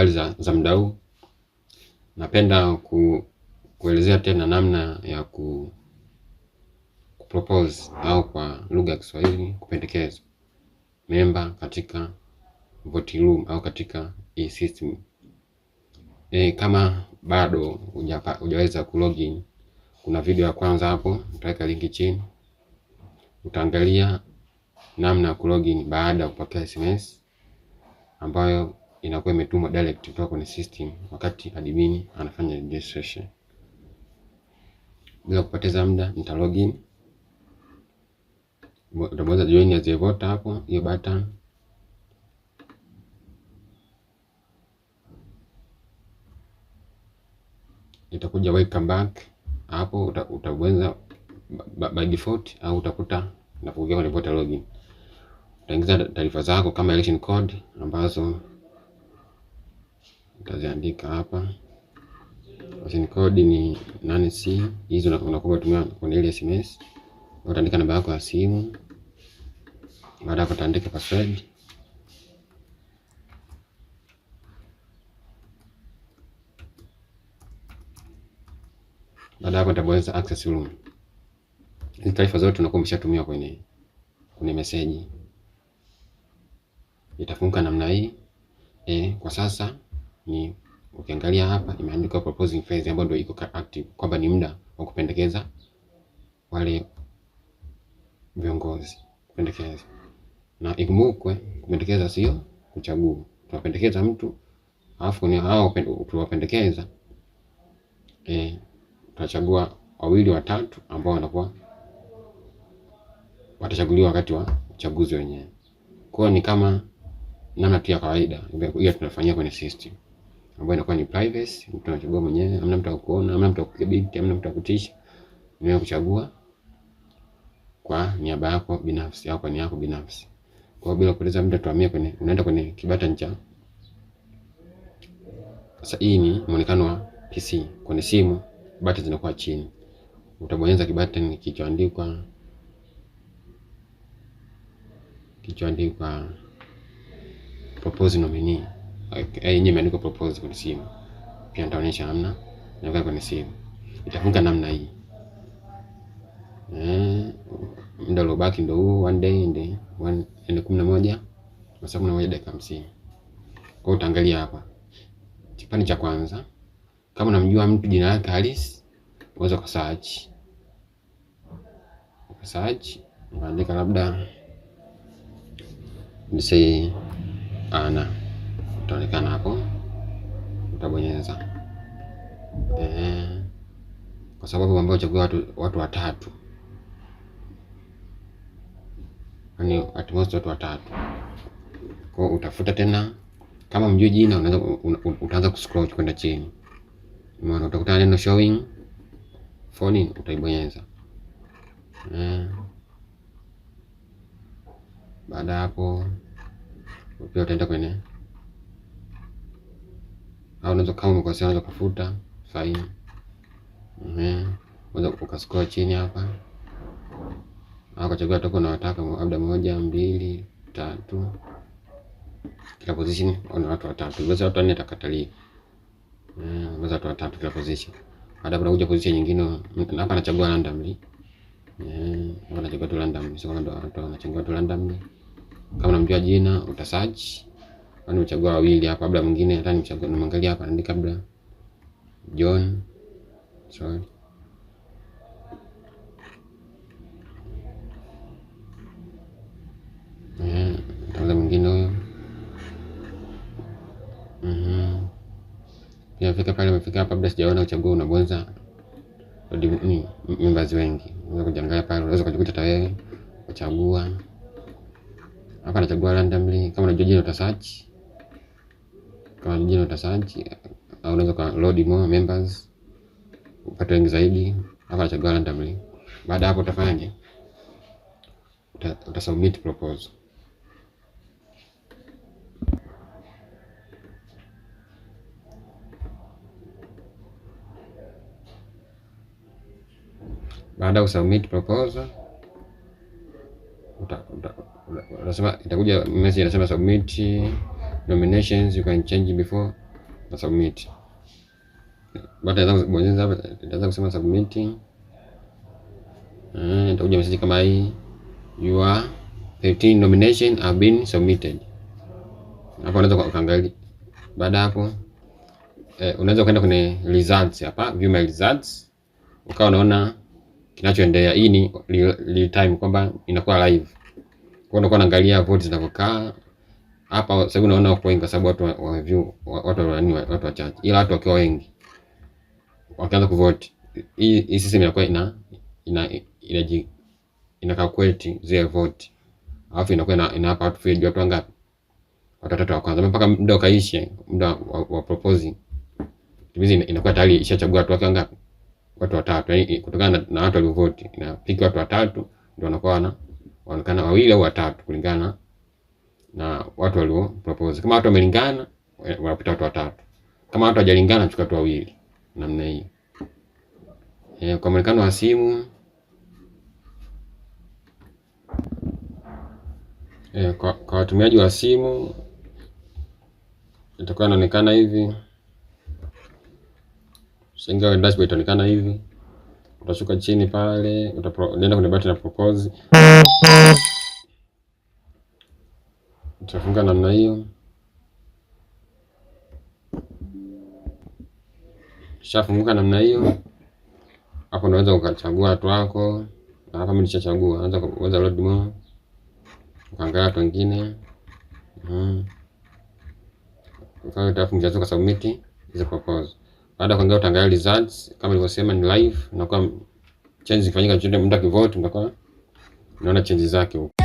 habari za, za muda huu. Napenda ku, kuelezea tena namna ya ku, propose au kwa lugha ya Kiswahili kupendekeza memba katika voting room au katika e system. E, kama bado hujaweza login, kuna video ya kwanza hapo, nitaweka linki chini, utaangalia namna ya login baada ya kupokea SMS ambayo inakuwa imetumwa direct kutoka kwenye system wakati admin anafanya registration. Bila kupoteza muda nita login. Utabonyeza join as a voter hapo hiyo button. Itakuja welcome back hapo utaweza by default au utakuta unapoingia kwenye voter login utaingiza taarifa zako kama election code ambazo nitaziandika hapa. Option code ni 8C, hizo unakuwa unatumia kwenye ile SMS. Utaandika namba yako ya simu, baada hapo utaandika password baada hapo utabonyeza access room. Hizi taarifa zote unakuwa umeshatumia kwenye kwenye meseji, itafunguka namna hii. eh, kwa sasa ni ukiangalia hapa imeandikwa proposing phase ambayo ndio iko active, kwamba ni muda wa kupendekeza wale viongozi kupendekeza. Na ikumbukwe kupendekeza sio kuchagua. Tunapendekeza mtu alafu ni hao tuwapendekeza, eh, tunachagua wawili watatu ambao wanakuwa watachaguliwa wakati wa uchaguzi wenyewe. Kwa hiyo ni kama namna tu ya kawaida ile tunafanyia kwenye system ambayo inakuwa ni privacy. Mtu anachagua mwenyewe, amna mtu akuona, amna mtu akudhibiti, amna mtu akutisha. wewe kuchagua kwa niaba yako binafsi au kwa nia yako binafsi. Kwa hiyo bila kueleza mtu tuhamie kwenye, unaenda kwenye kibata cha sasa. Hii ni muonekano wa PC kwenye simu, button zinakuwa chini. Utabonyeza kibutton kilichoandikwa kilichoandikwa propose nominee yenye eh, imeandikwa propose kwenye simu, pia nitaonyesha namna naweka kwenye simu. Itafunga namna hii eh, muda uliobaki ndio huu, one day and one and kumi na moja masaa kumi na moja dakika hamsini. Kwa utaangalia hapa kipande cha kwanza, kama unamjua mtu jina lake halisi unaweza kwa search kwa search, unaandika labda msee ana itaonekana hapo, utabonyeza eh, kwa sababu ambao chagua watu, watu watatu yani at most watu watatu. Kwa utafuta tena, kama mjui jina unaanza utaanza kuscroll kwenda chini, maana utakutana neno showing phone, utaibonyeza eh. Baada hapo pia utaenda kwenye au unaweza kama umekosea, unaweza kufuta faini, unaweza ukascroll chini hapa au kuchagua toko unayotaka, labda moja, mbili, tatu, kila position una watu watatu, Unaweza watu wanne atakatalia, unaweza watu watatu kila position. Baada hapo kuja position nyingine, hapa anachagua randomly anachagua tu randomly, sio kama ndo anachagua tu randomly. Kama unamjua jina uta search nimechagua yaani wawili hapa, labda mwingine hata nimechagua, namwangalia hapa, naandika labda John sorry eh, Tawala mwingine huyo mhm. pia fika pale, umefika hapa, labda sijaona uchaguo, unabonza mimbazi wengi, unaweza kujiangalia pale, unaweza kujikuta hata wewe uchagua hapa, nachagua randomly kama unajua jina utasearch kama ni jina utasearch au unaweza ka load more members upate wengi zaidi, hapa nachagua randomly. Baada hapo utafanyaje? Uta, uta submit proposal. Baada ya submit proposal uta, uta, uta, uta, itakuja message inasema submit nominations you can change before na submit. Baada ya kubonyeza itaanza kusema submitting. Eh, ah, itakuja message kama hii your 13 nomination have been submitted. Hapo unaweza kuangalia. Baada hapo eh, unaweza kwenda kwenye results hapa, view my results. Ukawa unaona kinachoendelea. Hii ni real time kwamba inakuwa live. Kwa hiyo unakuwa unaangalia votes zinavyokaa hapa sasa unaona wako wengi, kwa sababu watu wa view watu wa wanani watu wachache, ila watu wakiwa wengi wakaanza kuvote, hii hii system inakuwa ina ina inaji ina calculate zile vote, alafu inakuwa ina ina hapa watu field watu wangapi, watu watatu wa kwanza mpaka muda ukaishe, muda wa, wa proposing tumizi, inakuwa tayari ishachagua watu wake wangapi, watu watatu, yani kutokana na watu waliovote, inapiki watu watatu ndio wanakuwa wana wanakana wawili au watatu kulingana na watu walio propose. Kama watu wamelingana, wanapita watu watatu. Kama watu hajalingana, chukua watu wawili, namna hiyo. E, eh, kwa mwonekano wa simu e, kwa, kwa watumiaji wa simu itakuwa inaonekana hivi. Singa dashboard itaonekana hivi. Utashuka chini pale, utaenda kwenye button ya propose Utafunga namna hiyo. Shafunguka namna hiyo, hapo unaweza ukachagua watu wako, na hapa mimi nishachagua, anza kuweza load more, ukaangalia watu wengine mm. Kwa submit hizo proposal. Baada ya kuingia utaangalia results, kama nilivyosema ni live, na kwa change zikifanyika chote mtu akivote mtakuwa naona change zake huko.